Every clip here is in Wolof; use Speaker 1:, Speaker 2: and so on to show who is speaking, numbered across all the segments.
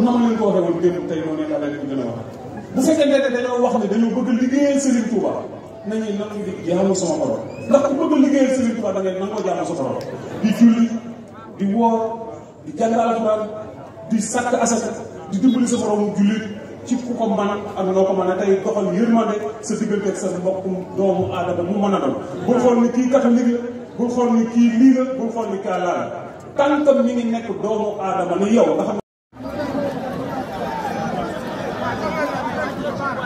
Speaker 1: na ma leen ko waxee woon démb tey noonu la leen ko gën a wax bu fekkee ne dañoo wax ne dañoo bëgg liggéeyal Serigne Touba nañuy nangu di jaamu sama borom ndax sa borom di julli di woor di jàngal alxuraan di sàkk asaka di dimbali sa borom jullit ci ku ko mën ak noo ko mën a tey doxal yërmande sa diggante sa mbokkum doomu aadama mu mën a doon bul xool ni kii catholique la bul xool ni kii lii la bul xool ni kaa laa la tànkam mi ngi nekk doomu aadama ni yow nga xam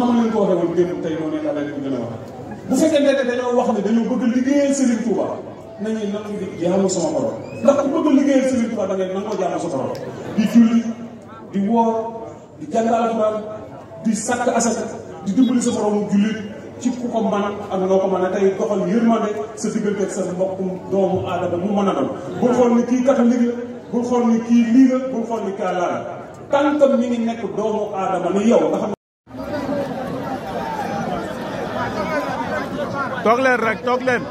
Speaker 1: na ma leen ko waxee démb tey noonu laa a waxee bu fekkente ne dañoo wax ne dañoo bëgg liggéeyal Serigne Touba nañuy di jaamu da ngay nangoo jaamu di julli di di jàng sa borom jullit ci ko mën ak noo ko mën a tey doxal yërmande sa diggante ak sa mbokkum doomu aadama mu mën a doon bul xool ni kii catholique la bul xool ni kii lii la bul xool ni kaa laa la tànkam mi ngi nekk doomu aadama ni yow nga toog leen rek toog leen.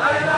Speaker 1: Hey!